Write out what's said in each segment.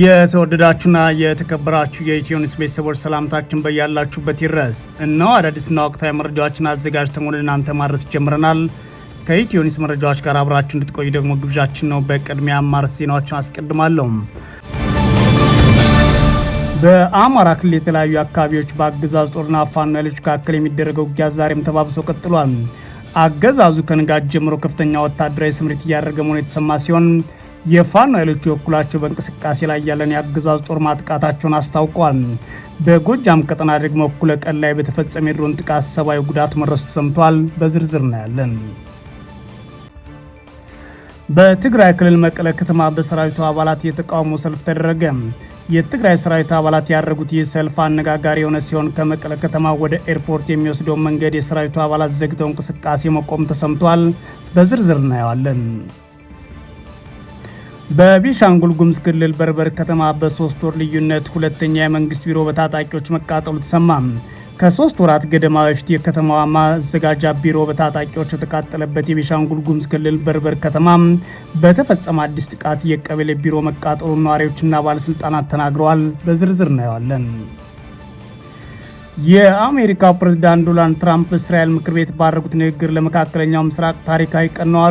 የተወደዳችሁና የተከበራችሁ የኢትዮ ቤተሰቦች ሰላምታችን በያላችሁበት ይድረስ። እነሆ አዳዲስና ወቅታዊ መረጃዎችን አዘጋጅተን ወደ እናንተ ማድረስ ጀምረናል። ከኢትዮ መረጃዎች ጋር አብራችሁ እንድትቆዩ ደግሞ ግብዣችን ነው። በቅድሚያ አማርስ ዜናዎችን አስቀድማለሁ። በአማራ ክልል የተለያዩ አካባቢዎች በአገዛዙ ጦርና ፋኖ ኃይሎች መካከል የሚደረገው ውጊያ ዛሬም ተባብሶ ቀጥሏል። አገዛዙ ከንጋት ጀምሮ ከፍተኛ ወታደራዊ ስምሪት እያደረገ መሆኑ የተሰማ ሲሆን የፋኖ ኃይሎች በኩላቸው በእንቅስቃሴ ላይ ያለን የአገዛዝ ጦር ማጥቃታቸውን አስታውቋል። በጎጃም ቀጠና ደግሞ እኩለ ቀን ላይ በተፈጸመ የድሮን ጥቃት ሰብአዊ ጉዳት መድረሱ ተሰምቷል። በዝርዝር እናያለን። በትግራይ ክልል መቀለ ከተማ በሰራዊቱ አባላት የተቃውሞ ሰልፍ ተደረገ። የትግራይ ሰራዊት አባላት ያደረጉት ይህ ሰልፍ አነጋጋሪ የሆነ ሲሆን ከመቀለ ከተማ ወደ ኤርፖርት የሚወስደው መንገድ የሰራዊቱ አባላት ዘግተው እንቅስቃሴ መቆም ተሰምቷል። በዝርዝር እናየዋለን። በቢሻንጉል ጉሙዝ ክልል በርበር ከተማ በሶስት ወር ልዩነት ሁለተኛ የመንግስት ቢሮ በታጣቂዎች መቃጠሉ ተሰማ። ከሶስት ወራት ገደማ በፊት የከተማዋ ማዘጋጃ ቢሮ በታጣቂዎች የተቃጠለበት የቤኒሻንጉል ጉሙዝ ክልል በርበር ከተማ በተፈጸመ አዲስ ጥቃት የቀበሌ ቢሮ መቃጠሉ ነዋሪዎችና ባለስልጣናት ተናግረዋል። በዝርዝር እናየዋለን። የአሜሪካው ፕሬዝዳንት ዶናልድ ትራምፕ እስራኤል ምክር ቤት ባደረጉት ንግግር ለመካከለኛው ምስራቅ ታሪካዊ ቀን ነው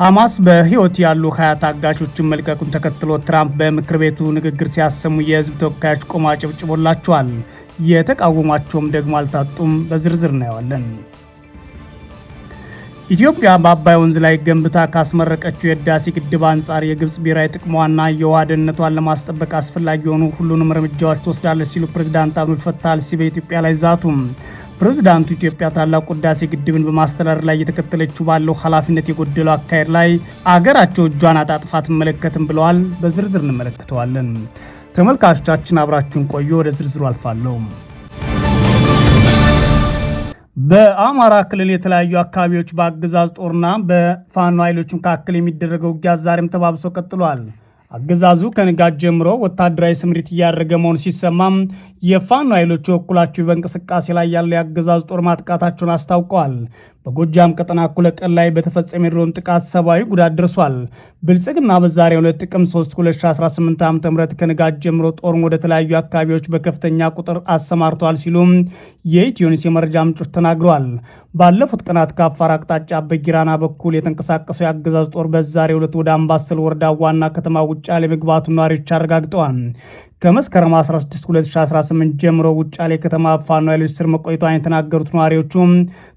ሐማስ በሕይወት ያሉ ሀያ ታጋቾችን መልቀቁን ተከትሎ ትራምፕ በምክር ቤቱ ንግግር ሲያሰሙ የህዝብ ተወካዮች ቆማ ጭብጭቦላቸዋል። የተቃወሟቸውም ደግሞ አልታጡም። በዝርዝር እናየዋለን። ኢትዮጵያ በአባይ ወንዝ ላይ ገንብታ ካስመረቀችው የህዳሴ ግድብ አንጻር የግብፅ ብሔራዊ ጥቅሟና የውሃ ደህንነቷን ለማስጠበቅ አስፈላጊ የሆኑ ሁሉንም እርምጃዎች ትወስዳለች ሲሉ ፕሬዚዳንት አብዱል ፈታህ አልሲሲ በኢትዮጵያ ላይ ዛቱም? ፕሬዚዳንቱ ኢትዮጵያ ታላቁ ህዳሴ ግድብን በማስተዳደር ላይ የተከተለችው ባለው ኃላፊነት የጎደለው አካሄድ ላይ አገራቸው እጇን አጣጥፋ አትመለከትም ብለዋል። በዝርዝር እንመለከተዋለን። ተመልካቾቻችን አብራችሁን ቆዩ። ወደ ዝርዝሩ አልፋለሁ። በአማራ ክልል የተለያዩ አካባቢዎች በአገዛዝ ጦርና በፋኖ ኃይሎች መካከል የሚደረገው ውጊያ ዛሬም ተባብሶ ቀጥሏል። አገዛዙ ከንጋት ጀምሮ ወታደራዊ ስምሪት እያደረገ መሆኑ ሲሰማም የፋኖ ኃይሎች በኩላቸው በእንቅስቃሴ ላይ ያለው የአገዛዙ ጦር ማጥቃታቸውን አስታውቀዋል። በጎጃም ቀጠና እኩለ ቀን ላይ በተፈጸመ የድሮን ጥቃት ሰብአዊ ጉዳት ደርሷል። ብልጽግና በዛሬ ሁለት ጥቅምት 3 2018 ዓ ም ከንጋት ጀምሮ ጦርን ወደ ተለያዩ አካባቢዎች በከፍተኛ ቁጥር አሰማርተዋል ሲሉም የኢትዮኒስ የመረጃ ምንጮች ተናግረዋል። ባለፉት ቀናት ከአፋር አቅጣጫ በጊራና በኩል የተንቀሳቀሰው የአገዛዝ ጦር በዛሬ ሁለት ወደ አምባሰል ወረዳ ዋና ከተማ ውጫ መግባቱ ነዋሪዎች አረጋግጠዋል። ከመስከረም 16 2018 ጀምሮ ውጫሌ ከተማ ፋኖ ኃይሎች ስር መቆይቷን የተናገሩት ነዋሪዎቹም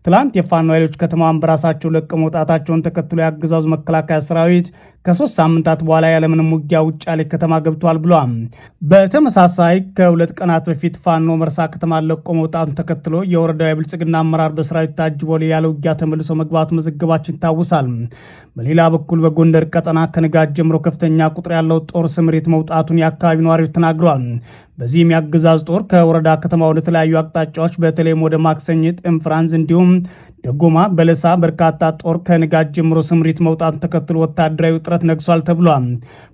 ትላንት የፋኖ ኃይሎች ከተማን በራሳቸው ለቀው መውጣታቸውን ተከትሎ የአገዛዙ መከላከያ ሰራዊት ከሶስት ሳምንታት በኋላ ያለምንም ውጊያ ውጫሌ ከተማ ገብቷል ብሏል። በተመሳሳይ ከሁለት ቀናት በፊት ፋኖ መርሳ ከተማ ለቆ መውጣቱን ተከትሎ የወረዳው የብልጽግና አመራር በሰራዊት ታጅቦ ያለ ውጊያ ተመልሶ መግባቱ መዘገባችን ይታወሳል። በሌላ በኩል በጎንደር ቀጠና ከንጋት ጀምሮ ከፍተኛ ቁጥር ያለው ጦር ስምሪት መውጣቱን የአካባቢ ነዋሪዎች ተናግሯል። በዚህም የአገዛዝ ጦር ከወረዳ ከተማ ወደ ተለያዩ አቅጣጫዎች በተለይም ወደ ማክሰኝት፣ እንፍራንዝ እንዲሁም ደጎማ በለሳ በርካታ ጦር ከንጋት ጀምሮ ስምሪት መውጣቱን ተከትሎ ወታደራዊ ውጥረት ነግሷል ተብሏል።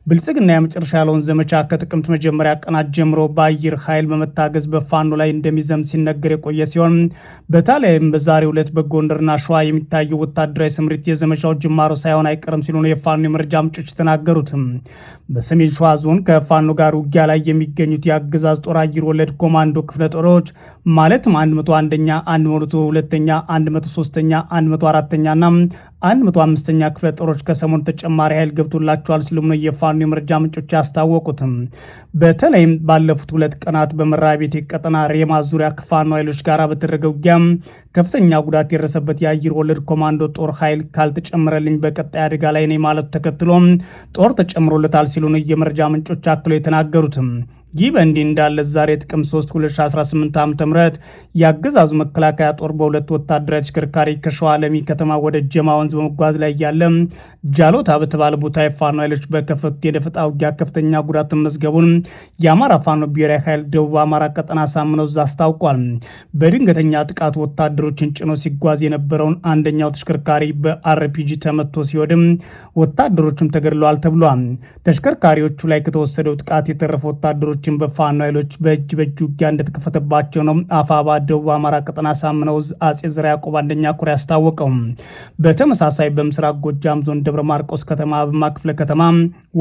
ብልጽግና የመጨረሻ ያለውን ዘመቻ ከጥቅምት መጀመሪያ ቀናት ጀምሮ በአየር ኃይል በመታገዝ በፋኖ ላይ እንደሚዘም ሲነገር የቆየ ሲሆን በተለይም በዛሬው ዕለት በጎንደርና ሸዋ የሚታየው ወታደራዊ ስምሪት የዘመቻው ጅማሮ ሳይሆን አይቀርም ሲሉ ነው የፋኖ የመረጃ ምንጮች የተናገሩትም። በሰሜን ሸዋ ዞን ከፋኖ ጋር ውጊያ ላይ የሚገኙት የአገዛዝ ጦር አየር ወለድ ኮማንዶ ክፍለ ጦሮች ማለትም 101ኛ፣ 102ኛ፣ 1 103ኛ 104ኛና 105ኛ ክፍለ ጦሮች ከሰሞኑ ተጨማሪ ኃይል ገብቶላቸዋል ሲሉም ነው የፋኖ የመረጃ ምንጮች ያስታወቁትም። በተለይም ባለፉት ሁለት ቀናት በመራቤቴ ቀጠና ሬማ ዙሪያ ከፋኖ ኃይሎች ጋር በተደረገ ውጊያ ከፍተኛ ጉዳት የደረሰበት የአየር ወለድ ኮማንዶ ጦር ኃይል ካልተጨመረልኝ በቀጣይ አደጋ ላይ ነኝ ማለቱ ተከትሎ ጦር ተጨምሮለታል ሲሉ ነው የመረጃ ምንጮች አክሎ የተናገሩትም። ይህ በእንዲህ እንዳለ ዛሬ ጥቅምት 3 2018 ዓ ም የአገዛዙ መከላከያ ጦር በሁለት ወታደራዊ ተሽከርካሪ ከሸዋ ለሚ ከተማ ወደ ጀማ ወንዝ በመጓዝ ላይ እያለ ጃሎታ በተባለ ቦታ የፋኖ ኃይሎች በከፈቱት የደፈጣ ውጊያ ከፍተኛ ጉዳት መዝገቡን የአማራ ፋኖ ብሔራዊ ኃይል ደቡብ አማራ ቀጠና ሳምነው እዝ አስታውቋል። በድንገተኛ ጥቃት ወታደሮችን ጭኖ ሲጓዝ የነበረውን አንደኛው ተሽከርካሪ በአርፒጂ ተመቶ ሲወድም ወታደሮቹም ተገድለዋል ተብሏል። ተሽከርካሪዎቹ ላይ ከተወሰደው ጥቃት የተረፈ ወታደሮች አካባቢዎችን በፋኖ ኃይሎች በእጅ በእጅ ውጊያ እንደተከፈተባቸው ነው አፋባ ደቡብ አማራ ቀጠና ሳምነውዝ አጼ ዘርዓ ያዕቆብ አንደኛ ኩሪ ያስታወቀው። በተመሳሳይ በምስራቅ ጎጃም ዞን ደብረ ማርቆስ ከተማ አብማ ክፍለ ከተማ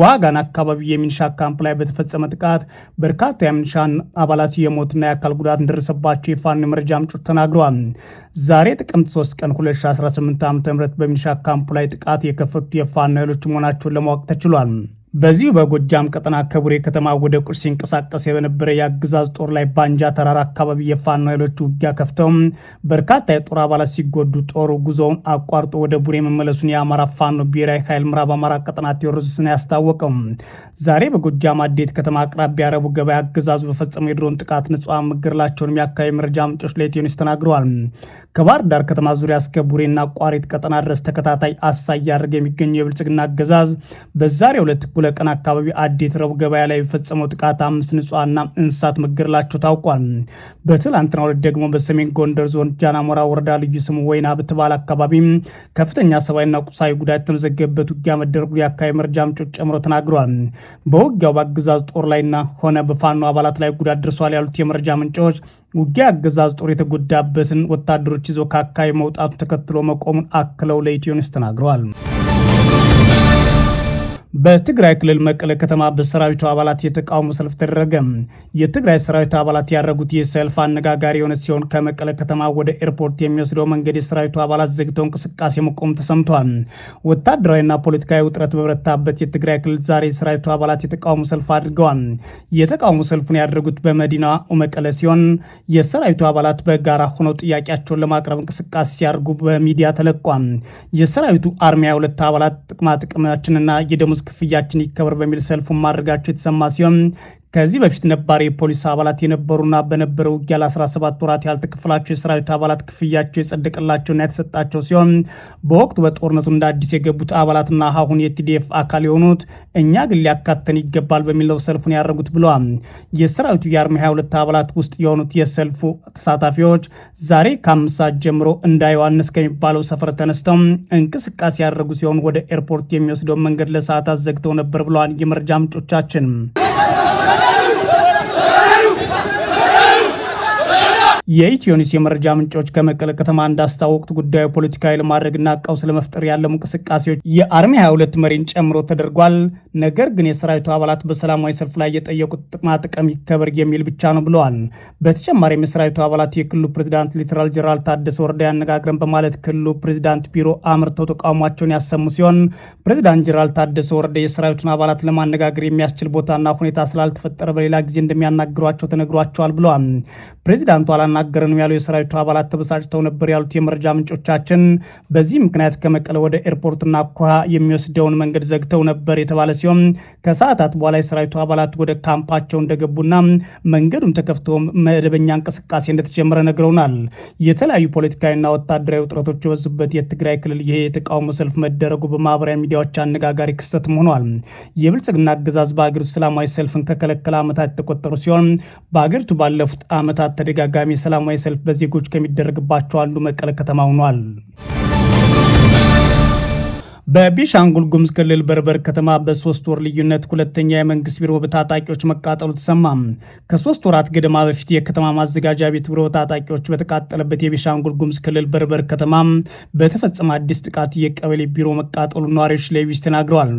ዋጋን አካባቢ የሚንሻ ካምፕ ላይ በተፈጸመ ጥቃት በርካታ የሚኒሻ አባላት የሞትና የአካል ጉዳት እንደደረሰባቸው የፋኖ የመረጃ ምንጮች ተናግረዋል። ዛሬ ጥቅምት 3 ቀን 2018 ዓ ም በሚንሻ ካምፕ ላይ ጥቃት የከፈቱ የፋኖ ኃይሎች መሆናቸውን ለማወቅ ተችሏል። በዚሁ በጎጃም ቀጠና ከቡሬ ከተማ ወደ ቁርስ ሲንቀሳቀስ የነበረ የአገዛዝ ጦር ላይ ባንጃ ተራራ አካባቢ የፋኖ ኃይሎች ውጊያ ከፍተው በርካታ የጦር አባላት ሲጎዱ ጦሩ ጉዞውን አቋርጦ ወደ ቡሬ መመለሱን የአማራ ፋኖ ብሔራዊ ኃይል ምዕራብ አማራ ቀጠና ቴዎድሮስ ያስታወቀው። ዛሬ በጎጃም አዴት ከተማ አቅራቢያ ረቡዕ ገበያ አገዛዙ በፈጸመው የድሮን ጥቃት ንጹሐን መገደላቸውን የአካባቢ መረጃ ምንጮች ለኢትዮኒውስ ተናግረዋል። ከባህር ዳር ከተማ ዙሪያ እስከ ቡሬና ቋሪት ቀጠና ድረስ ተከታታይ አሳ ያደርገ የሚገኘው የብልጽግና አገዛዝ በዛሬ ሁለት ቀን አካባቢ አዴት ረቡዕ ገበያ ላይ የፈጸመው ጥቃት አምስት ንጹሐና እንስሳት መገደላቸው ታውቋል። በትላንትናው ዕለት ደግሞ በሰሜን ጎንደር ዞን ጃናሞራ ወረዳ ልዩ ስሙ ወይና ብትባል አካባቢ ከፍተኛ ሰብአዊና ቁሳዊ ጉዳት የተመዘገበበት ውጊያ መደረጉ የአካባቢ መረጃ ምንጮች ጨምሮ ተናግረዋል። በውጊያው በአገዛዝ ጦር ላይና ሆነ በፋኖ አባላት ላይ ጉዳት ደርሷል ያሉት የመረጃ ምንጮች ውጊያ አገዛዝ ጦር የተጎዳበትን ወታደሮች ይዞ ከአካባቢ መውጣቱ ተከትሎ መቆሙን አክለው ለኢትዮኒስ ተናግረዋል። በትግራይ ክልል መቀለ ከተማ በሰራዊቱ አባላት የተቃውሞ ሰልፍ ተደረገ። የትግራይ ሰራዊት አባላት ያደረጉት የሰልፍ አነጋጋሪ የሆነ ሲሆን ከመቀለ ከተማ ወደ ኤርፖርት የሚወስደው መንገድ የሰራዊቱ አባላት ዘግተው እንቅስቃሴ መቆም ተሰምቷል። ወታደራዊና ፖለቲካዊ ውጥረት በበረታበት የትግራይ ክልል ዛሬ የሰራዊቱ አባላት የተቃውሞ ሰልፍ አድርገዋል። የተቃውሞ ሰልፉን ያደረጉት በመዲና መቀለ ሲሆን የሰራዊቱ አባላት በጋራ ሆነው ጥያቄያቸውን ለማቅረብ እንቅስቃሴ ሲያደርጉ በሚዲያ ተለቋል። የሰራዊቱ አርሚያ ሁለት አባላት ጥቅማ ጥቅማችንና የደሞዝ ክፍያችን ይከበር በሚል ሰልፉን ማድረጋቸው የተሰማ ሲሆን ከዚህ በፊት ነባር የፖሊስ አባላት የነበሩና በነበረ ውጊያ ለ17 ወራት ያልተከፈላቸው የሰራዊት አባላት ክፍያቸው የጸደቀላቸውና የተሰጣቸው ሲሆን በወቅቱ በጦርነቱ እንደ አዲስ የገቡት አባላትና አሁን የቲዲኤፍ አካል የሆኑት እኛ ግን ሊያካተን ይገባል በሚለው ሰልፉን ያደረጉት ብለዋል። የሰራዊቱ የአርሚ 22 አባላት ውስጥ የሆኑት የሰልፉ ተሳታፊዎች ዛሬ ከአምስት ሰዓት ጀምሮ እንዳ ዮሐንስ ከሚባለው ሰፈር ተነስተው እንቅስቃሴ ያደረጉ ሲሆን ወደ ኤርፖርት የሚወስደው መንገድ ለሰዓታት ዘግተው ነበር ብለዋል የመረጃ ምንጮቻችን። የኢትዮኒስ የመረጃ ምንጮች ከመቀለ ከተማ እንዳስታወቁት ጉዳዩ ፖለቲካ ለማድረግና ቀውስ ለመፍጠር ያለሙ እንቅስቃሴዎች የአርሚ 22 መሪን ጨምሮ ተደርጓል። ነገር ግን የሰራዊቱ አባላት በሰላማዊ ሰልፍ ላይ የጠየቁት ጥቅማ ጥቅም ይከበር የሚል ብቻ ነው ብለዋል። በተጨማሪም የሰራዊቱ አባላት የክልሉ ፕሬዚዳንት ሌተናል ጄኔራል ታደሰ ወረደ ያነጋግረን በማለት ክልሉ ፕሬዚዳንት ቢሮ አምርተው ተቃውሟቸውን ያሰሙ ሲሆን ፕሬዚዳንት ጄኔራል ታደሰ ወረደ የሰራዊቱን አባላት ለማነጋገር የሚያስችል ቦታና ሁኔታ ስላልተፈጠረ በሌላ ጊዜ እንደሚያናግሯቸው ተነግሯቸዋል ብለዋል። ፕሬዚዳንቱ አላና እያናገረ ነው ያሉ የሰራዊቱ አባላት ተበሳጭተው ነበር ያሉት የመረጃ ምንጮቻችን፣ በዚህ ምክንያት ከመቀለ ወደ ኤርፖርትና ኩሃ የሚወስደውን መንገድ ዘግተው ነበር የተባለ ሲሆን ከሰዓታት በኋላ የሰራዊቱ አባላት ወደ ካምፓቸው እንደገቡና መንገዱም ተከፍቶ መደበኛ እንቅስቃሴ እንደተጀመረ ነግረውናል። የተለያዩ ፖለቲካዊና ወታደራዊ ውጥረቶች የበዙበት የትግራይ ክልል ይሄ የተቃውሞ ሰልፍ መደረጉ በማህበራዊ ሚዲያዎች አነጋጋሪ ክስተት ሆኗል። የብልጽግና አገዛዝ በሀገሪቱ ሰላማዊ ሰልፍን ከከለከለ ዓመታት የተቆጠሩ ሲሆን በሀገሪቱ ባለፉት ዓመታት ተደጋጋሚ ሰላማዊ ሰልፍ በዜጎች ከሚደረግባቸው አንዱ መቀለ ከተማ ሆኗል። በቤኒሻንጉል ጉሙዝ ክልል በርበር ከተማ በሶስት ወር ልዩነት ሁለተኛ የመንግስት ቢሮ በታጣቂዎች መቃጠሉ ተሰማ። ከሶስት ወራት ገደማ በፊት የከተማ ማዘጋጃ ቤት ቢሮ ታጣቂዎች በተቃጠለበት የቤኒሻንጉል ጉሙዝ ክልል በርበር ከተማ በተፈጸመ አዲስ ጥቃት የቀበሌ ቢሮ መቃጠሉ ነዋሪዎች ለቢስ ተናግረዋል።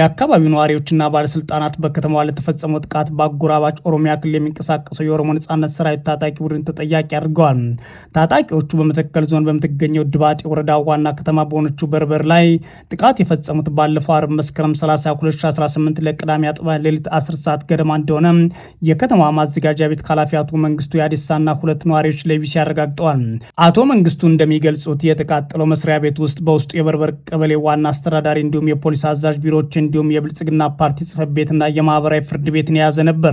የአካባቢው ነዋሪዎችና ባለስልጣናት በከተማዋ ለተፈጸመው ጥቃት በአጎራባች ኦሮሚያ ክልል የሚንቀሳቀሰው የኦሮሞ ነጻነት ሰራዊት ታጣቂ ቡድን ተጠያቂ አድርገዋል። ታጣቂዎቹ በመተከል ዞን በምትገኘው ድባጤ ወረዳ ዋና ከተማ በሆነችው በርበር ላይ ጥቃት የፈጸሙት ባለፈው አርብ መስከረም 30 2018 ለቅዳሜ አጥቢያ ሌሊት 10 ሰዓት ገደማ እንደሆነ የከተማ ማዘጋጃ ቤት ኃላፊ አቶ መንግስቱ የአዲሳና ሁለት ነዋሪዎች ለቢሲ አረጋግጠዋል። አቶ መንግስቱ እንደሚገልጹት የተቃጠለው መስሪያ ቤት ውስጥ በውስጡ የበርበር ቀበሌ ዋና አስተዳዳሪ እንዲሁም የፖሊስ አዛዥ ቢሮዎች እንዲሁም የብልጽግና ፓርቲ ጽህፈት ቤትና የማህበራዊ ፍርድ ቤትን የያዘ ነበር።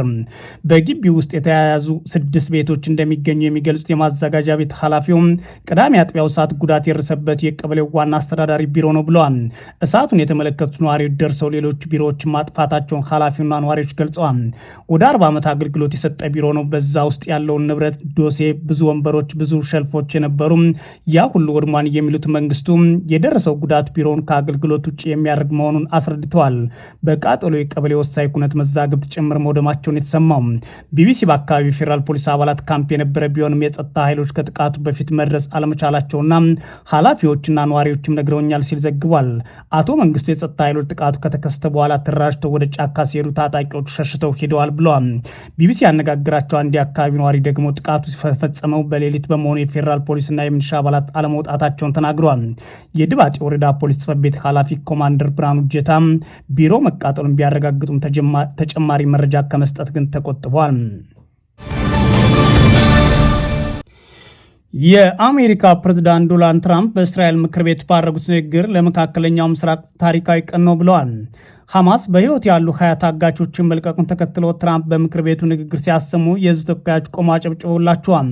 በግቢ ውስጥ የተያያዙ ስድስት ቤቶች እንደሚገኙ የሚገልጹት የማዘጋጃ ቤት ኃላፊውም ቅዳሜ አጥቢያው ሰዓት ጉዳት የደረሰበት የቀበሌው ዋና አስተዳዳሪ ቢሮ ነው ብለዋል። እሳቱን የተመለከቱ ነዋሪዎች ደርሰው ሌሎች ቢሮዎች ማጥፋታቸውን ኃላፊውና ነዋሪዎች ገልጸዋል። ወደ አርባ ዓመት አገልግሎት የሰጠ ቢሮ ነው። በዛ ውስጥ ያለውን ንብረት ዶሴ፣ ብዙ ወንበሮች፣ ብዙ ሸልፎች የነበሩ ያ ሁሉ ወድሟን የሚሉት መንግስቱ የደረሰው ጉዳት ቢሮውን ከአገልግሎት ውጭ የሚያደርግ መሆኑን አስረድተዋል። በቃጠሎ የቀበሌ ወሳኝ ኩነት መዛግብት ጭምር መውደማቸውን የተሰማው ቢቢሲ በአካባቢው ፌዴራል ፖሊስ አባላት ካምፕ የነበረ ቢሆንም የጸጥታ ኃይሎች ከጥቃቱ በፊት መድረስ አለመቻላቸውና ኃላፊዎችና ነዋሪዎችም ነግረውኛል ሲል ዘግቧል። ተናግረዋል። አቶ መንግስቱ የጸጥታ ኃይሎች ጥቃቱ ከተከሰተ በኋላ ተራጅተው ወደ ጫካ ሲሄዱ ታጣቂዎቹ ሸሽተው ሄደዋል ብለዋል። ቢቢሲ ያነጋግራቸው አንድ የአካባቢ ነዋሪ ደግሞ ጥቃቱ ፈጸመው በሌሊት በመሆኑ የፌዴራል ፖሊስና የምንሻ አባላት አለመውጣታቸውን ተናግረዋል። የድባጤ ወረዳ ፖሊስ ጽፈት ቤት ኃላፊ ኮማንደር ብርሃኑ ጀታ ቢሮ መቃጠሉን ቢያረጋግጡም ተጨማሪ መረጃ ከመስጠት ግን ተቆጥቧል። የአሜሪካ ፕሬዝዳንት ዶናልድ ትራምፕ በእስራኤል ምክር ቤት ባደረጉት ንግግር ለመካከለኛው ምስራቅ ታሪካዊ ቀን ነው ብለዋል። ሐማስ በሕይወት ያሉ ሀያ ታጋቾችን መልቀቁን ተከትሎ ትራምፕ በምክር ቤቱ ንግግር ሲያሰሙ የህዝብ ተወካዮች ቆሞ አጨብጭበውላቸዋል።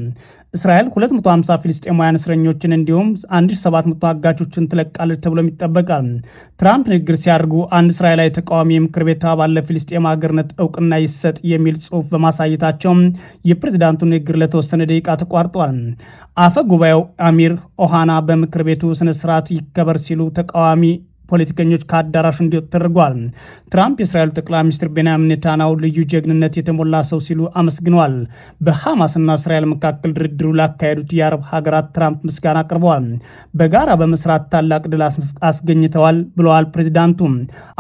እስራኤል 250 ፊልስጤማውያን እስረኞችን እንዲሁም 1700 አጋቾችን ትለቃለች ተብሎም ይጠበቃል። ትራምፕ ንግግር ሲያደርጉ አንድ እስራኤላዊ ተቃዋሚ የምክር ቤት አባል ለፊልስጤም ሀገርነት እውቅና ይሰጥ የሚል ጽሑፍ በማሳየታቸው የፕሬዚዳንቱ ንግግር ለተወሰነ ደቂቃ ተቋርጧል። አፈ ጉባኤው አሚር ኦሃና በምክር ቤቱ ስነስርዓት ይከበር ሲሉ ተቃዋሚ ፖለቲከኞች ከአዳራሹ እንዲወጡ ተደርጓል። ትራምፕ የእስራኤሉ ጠቅላይ ሚኒስትር ቤንያሚን ኔታናው ልዩ ጀግንነት የተሞላ ሰው ሲሉ አመስግነዋል። በሐማስና እስራኤል መካከል ድርድሩ ላካሄዱት የአረብ ሀገራት ትራምፕ ምስጋና አቅርበዋል። በጋራ በመስራት ታላቅ ድል አስገኝተዋል ብለዋል ፕሬዚዳንቱ።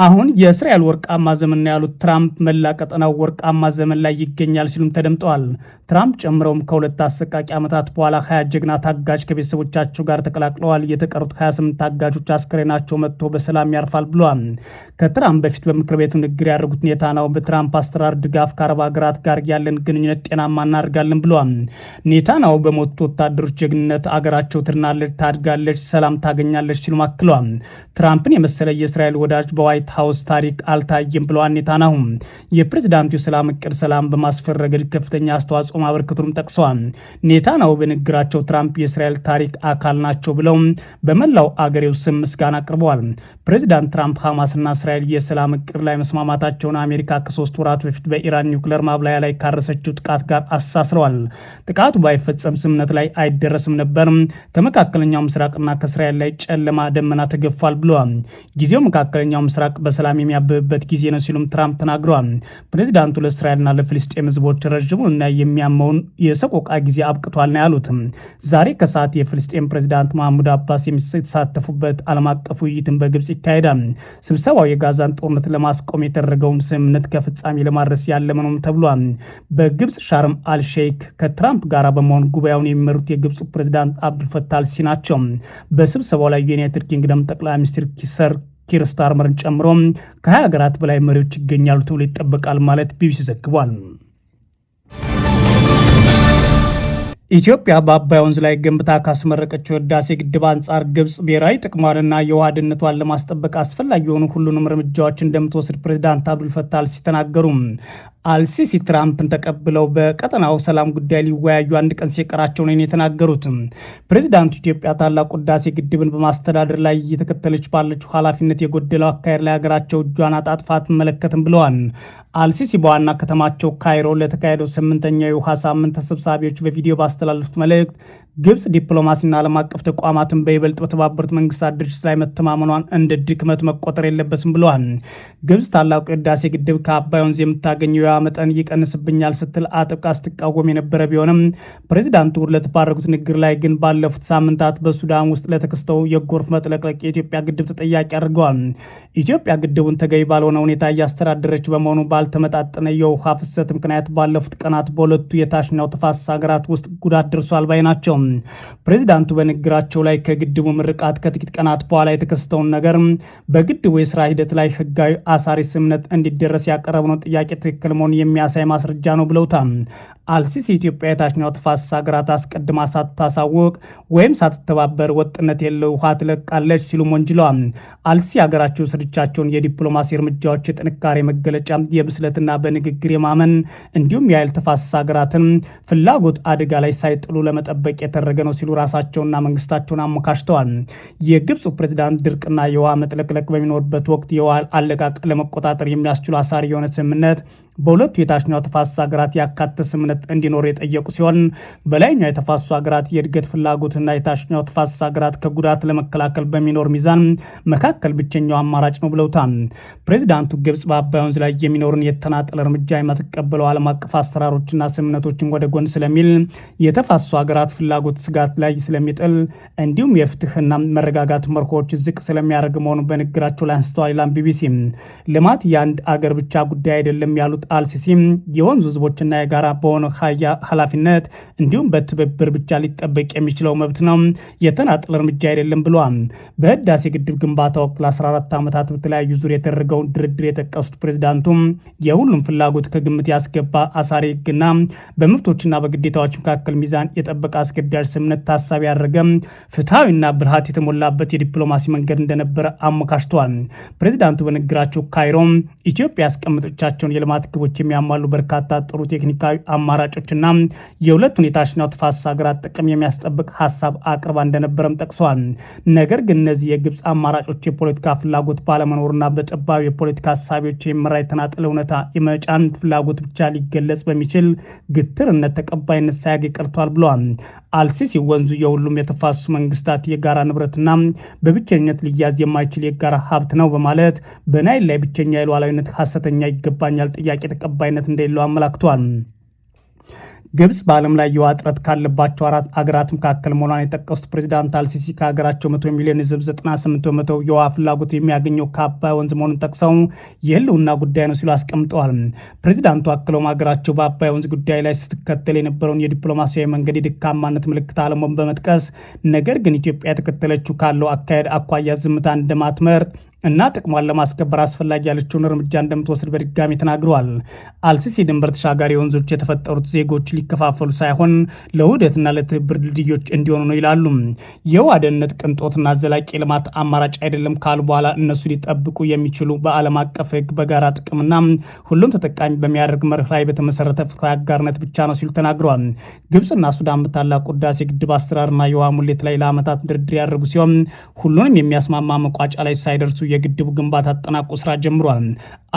አሁን የእስራኤል ወርቃማ ዘመን ነው ያሉት ትራምፕ መላ ቀጠናው ወርቃማ ዘመን ላይ ይገኛል ሲሉም ተደምጠዋል። ትራምፕ ጨምረውም ከሁለት አሰቃቂ ዓመታት በኋላ ሀያ ጀግና ታጋጅ ከቤተሰቦቻቸው ጋር ተቀላቅለዋል። የተቀሩት 28 ታጋጆች አስክሬናቸው መጥቶ በሰላም ያርፋል ብሏል። ከትራምፕ በፊት በምክር ቤቱ ንግግር ያደረጉት ነው በትራምፕ አስተራር ድጋፍ ከአረብ ሀገራት ጋር ያለን ግንኙነት ጤናማ እናደርጋለን ብሏል። ኔታናው በሞቱ ወታደሮች ጀግንነት አገራቸው ትድናለች፣ ታድጋለች፣ ሰላም ታገኛለች ሲሉ አክሏል። ትራምፕን የመሰለ የእስራኤል ወዳጅ በዋይት ሀውስ ታሪክ አልታየም ብለዋል ነው የፕሬዚዳንቱ የሰላም እቅድ ሰላም በማስፈን ረገድ ከፍተኛ አስተዋጽኦ ማበርከቱንም ጠቅሰዋል። ኔታንያሁ በንግግራቸው ትራምፕ የእስራኤል ታሪክ አካል ናቸው ብለው በመላው አገሬው ስም ምስጋና አቅርበዋል። ፕሬዚዳንት ትራምፕ ሐማስና እስራኤል የሰላም እቅድ ላይ መስማማታቸውን አሜሪካ ከሶስት ወራት በፊት በኢራን ኒውክለር ማብላያ ላይ ካረሰችው ጥቃት ጋር አሳስረዋል። ጥቃቱ ባይፈጸም ስምነት ላይ አይደረስም ነበር፣ ከመካከለኛው ምስራቅና ከእስራኤል ላይ ጨለማ ደመና ተገፏል ብለዋል። ጊዜው መካከለኛው ምስራቅ በሰላም የሚያብብበት ጊዜ ነው ሲሉም ትራምፕ ተናግረዋል። ፕሬዚዳንቱ ለእስራኤልና ለፍልስጤም ህዝቦች ረዥሙንና የሚያመውን የሰቆቃ ጊዜ አብቅቷል ነው ያሉት። ዛሬ ከሰዓት የፍልስጤም ፕሬዚዳንት መሐሙድ አባስ የሚሳተፉበት ዓለም አቀፍ ውይይትን በግ ግብጽ ይካሄዳል። ስብሰባው የጋዛን ጦርነት ለማስቆም የተደረገውን ስምምነት ከፍጻሜ ለማድረስ ያለመ ነውም ተብሏል። በግብጽ ሻርም አልሼክ ከትራምፕ ጋር በመሆን ጉባኤውን የሚመሩት የግብጽ ፕሬዚዳንት አብዱልፈታህ አልሲ ናቸው። በስብሰባው ላይ የዩናይትድ ኪንግደም ጠቅላይ ሚኒስትር ኪሰር ኪር ስታርመርን ጨምሮ ከ ሀገራት በላይ መሪዎች ይገኛሉ ተብሎ ይጠበቃል ማለት ቢቢሲ ዘግቧል። ኢትዮጵያ በአባይ ወንዝ ላይ ገንብታ ካስመረቀችው ህዳሴ ግድብ አንጻር ግብጽ ብሔራዊ ጥቅሟንና የውሃ ደህንነቷን ለማስጠበቅ አስፈላጊ የሆኑ ሁሉንም እርምጃዎች እንደምትወስድ ፕሬዚዳንት አብዱልፈታ አልሲሲ ተናገሩ። አልሲሲ ትራምፕን ተቀብለው በቀጠናው ሰላም ጉዳይ ሊወያዩ አንድ ቀን ሲቀራቸው ነው የተናገሩት። ፕሬዚዳንቱ ኢትዮጵያ ታላቁ ህዳሴ ግድብን በማስተዳደር ላይ እየተከተለች ባለችው ኃላፊነት የጎደለው አካሄድ ላይ ሀገራቸው እጇን አጣጥፋ አትመለከትም ብለዋል። አልሲሲ በዋና ከተማቸው ካይሮ ለተካሄደው ስምንተኛው የውሃ ሳምንት ተሰብሳቢዎች በቪዲዮ ባስተላለፉት መልእክት ግብጽ ዲፕሎማሲና ዓለም አቀፍ ተቋማትን በይበልጥ በተባበሩት መንግስታት ድርጅት ላይ መተማመኗን እንደ ድክመት መቆጠር የለበትም ብለዋል። ግብጽ ታላቁ የህዳሴ ግድብ ከአባይ ወንዝ የምታገኘው የውሃ መጠን ይቀንስብኛል ስትል አጥብቃ ስትቃወም የነበረ ቢሆንም ፕሬዚዳንቱ ለተባረጉት ንግግር ላይ ግን ባለፉት ሳምንታት በሱዳን ውስጥ ለተከስተው የጎርፍ መጥለቅለቅ የኢትዮጵያ ግድብ ተጠያቂ አድርገዋል። ኢትዮጵያ ግድቡን ተገቢ ባልሆነ ሁኔታ እያስተዳደረች በመሆኑ ባልተመጣጠነ የውሃ ፍሰት ምክንያት ባለፉት ቀናት በሁለቱ የታችኛው ተፋሰስ ሀገራት ውስጥ ጉዳት ደርሷል ባይ ናቸው። ፕሬዚዳንቱ በንግግራቸው ላይ ከግድቡ ምርቃት ከጥቂት ቀናት በኋላ የተከሰተውን ነገር በግድቡ የስራ ሂደት ላይ ህጋዊ አሳሪ ስምነት እንዲደረስ ያቀረብነው ጥያቄ ትክክል መሆን የሚያሳይ ማስረጃ ነው ብለውታል። አልሲሲ ኢትዮጵያ የታችኛው ተፋሰስ ሀገራት አስቀድማ ሳታሳውቅ ወይም ሳትተባበር ወጥነት የለው ውሃ ትለቃለች ሲሉም ወንጅለዋል። አልሲ ሀገራቸው ስርቻቸውን የዲፕሎማሲ እርምጃዎች የጥንካሬ መገለጫ፣ የብስለትና በንግግር የማመን እንዲሁም የኃይል ተፋሰስ ሀገራትን ፍላጎት አደጋ ላይ ሳይጥሉ ለመጠበቅ የተ እየተደረገ ነው ሲሉ ራሳቸውና መንግስታቸውን አሞካሽተዋል። የግብፁ ፕሬዚዳንት ድርቅና የውሃ መጥለቅለቅ በሚኖርበት ወቅት የውሃ አለቃቅ ለመቆጣጠር የሚያስችሉ አሳሪ የሆነ ስምምነት በሁለቱ የታችኛው ተፋሰስ ሀገራት ያካተተ ስምምነት እንዲኖር የጠየቁ ሲሆን በላይኛው የተፋሰሱ ሀገራት የእድገት ፍላጎትና የታችኛው ተፋሰስ ሀገራት ከጉዳት ለመከላከል በሚኖር ሚዛን መካከል ብቸኛው አማራጭ ነው ብለውታል። ፕሬዚዳንቱ ግብጽ በአባይ ወንዝ ላይ የሚኖርን የተናጠል እርምጃ የማትቀበለው ዓለም አቀፍ አሰራሮችና ስምምነቶችን ወደ ጎን ስለሚል የተፋሰሱ ሀገራት ፍላጎት ስጋት ላይ ስለሚጥል እንዲሁም የፍትህና መረጋጋት መርሆዎች ዝቅ ስለሚያደርግ መሆኑ በንግግራቸው ላይ አንስተዋል። ቢቢሲ ልማት የአንድ አገር ብቻ ጉዳይ አይደለም ያሉት አልሲሲም የወንዙ ህዝቦችና የጋራ በሆነ ኃላፊነት እንዲሁም በትብብር ብቻ ሊጠበቅ የሚችለው መብት ነው፣ የተናጠል እርምጃ አይደለም ብሏል። በህዳሴ ግድብ ግንባታ ወቅት ለ14 ዓመታት በተለያዩ ዙር የተደረገውን ድርድር የጠቀሱት ፕሬዚዳንቱም የሁሉም ፍላጎት ከግምት ያስገባ አሳሪ ህግና በመብቶችና በግዴታዎች መካከል ሚዛን የጠበቀ አስገዳጅ ስምነት ታሳቢ ያደረገ ፍትሐዊና ብርሃት የተሞላበት የዲፕሎማሲ መንገድ እንደነበረ አሞካሽተዋል። ፕሬዚዳንቱ በንግግራቸው ካይሮ ኢትዮጵያ ያስቀመጠቻቸውን የልማት ግብዓቶች የሚያሟሉ በርካታ ጥሩ ቴክኒካዊ አማራጮችና የሁለት ሁኔታችኛው ተፋሰስ ሀገራት ጥቅም የሚያስጠብቅ ሀሳብ አቅርባ እንደነበረም ጠቅሰዋል። ነገር ግን እነዚህ የግብፅ አማራጮች የፖለቲካ ፍላጎት ባለመኖርና በጠባብ የፖለቲካ ሀሳቢዎች የሚመራ የተናጠለ እውነታ የመጫን ፍላጎት ብቻ ሊገለጽ በሚችል ግትርነት ተቀባይነት ሳያገኝ ቀርቷል ብለዋል። አልሲሲ ወንዙ የሁሉም የተፋሰሱ መንግስታት የጋራ ንብረትና በብቸኝነት ሊያዝ የማይችል የጋራ ሀብት ነው በማለት በናይል ላይ ብቸኛ የሉዓላዊነት ሀሰተኛ ይገባኛል ጥያቄ ተቀባይነት እንደሌለው አመላክቷል። ግብጽ በዓለም ላይ የውሃ እጥረት ካለባቸው አራት አገራት መካከል መሆኗን የጠቀሱት ፕሬዚዳንት አልሲሲ ከሀገራቸው መቶ ሚሊዮን ህዝብ 98 በመቶ የውሃ ፍላጎት የሚያገኘው ከአባይ ወንዝ መሆኑን ጠቅሰው የህልውና ጉዳይ ነው ሲሉ አስቀምጠዋል። ፕሬዚዳንቱ አክለውም ሀገራቸው በአባይ ወንዝ ጉዳይ ላይ ስትከተል የነበረውን የዲፕሎማሲያዊ መንገድ የድካማነት ምልክት አለመሆን በመጥቀስ ነገር ግን ኢትዮጵያ የተከተለችው ካለው አካሄድ አኳያ ዝምታ እንደማትመርት። እና ጥቅሟን ለማስከበር አስፈላጊ ያለችውን እርምጃ እንደምትወስድ በድጋሚ ተናግረዋል። አልሲሲ ድንበር ተሻጋሪ ወንዞች የተፈጠሩት ዜጎች ሊከፋፈሉ ሳይሆን ለውህደትና ለትብብር ድልድዮች እንዲሆኑ ነው ይላሉ። የውሃ ደህንነት ቅንጦትና ዘላቂ ልማት አማራጭ አይደለም ካሉ በኋላ እነሱ ሊጠብቁ የሚችሉ በዓለም አቀፍ ሕግ በጋራ ጥቅምና ሁሉም ተጠቃሚ በሚያደርግ መርህ ላይ በተመሰረተ ፍትሐዊ አጋርነት ብቻ ነው ሲሉ ተናግረዋል። ግብፅና ሱዳን በታላቁ ህዳሴ ግድብ አሰራርና የውሃ ሙሌት ላይ ለዓመታት ድርድር ያደርጉ ሲሆን ሁሉንም የሚያስማማ መቋጫ ላይ ሳይደርሱ የግድቡ ግንባታ አጠናቆ ስራ ጀምሯል።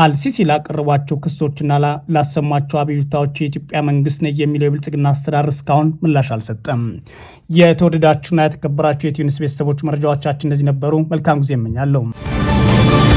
አልሲሲ ላቀረቧቸው ክሶችና ላሰሟቸው አቤቱታዎች የኢትዮጵያ መንግስት ነ የሚለው የብልጽግና አስተዳደር እስካሁን ምላሽ አልሰጠም። የተወደዳችሁና የተከበራችሁ የትዩንስ ቤተሰቦች መረጃዎቻችን እንደዚህ ነበሩ። መልካም ጊዜ እመኛለሁ።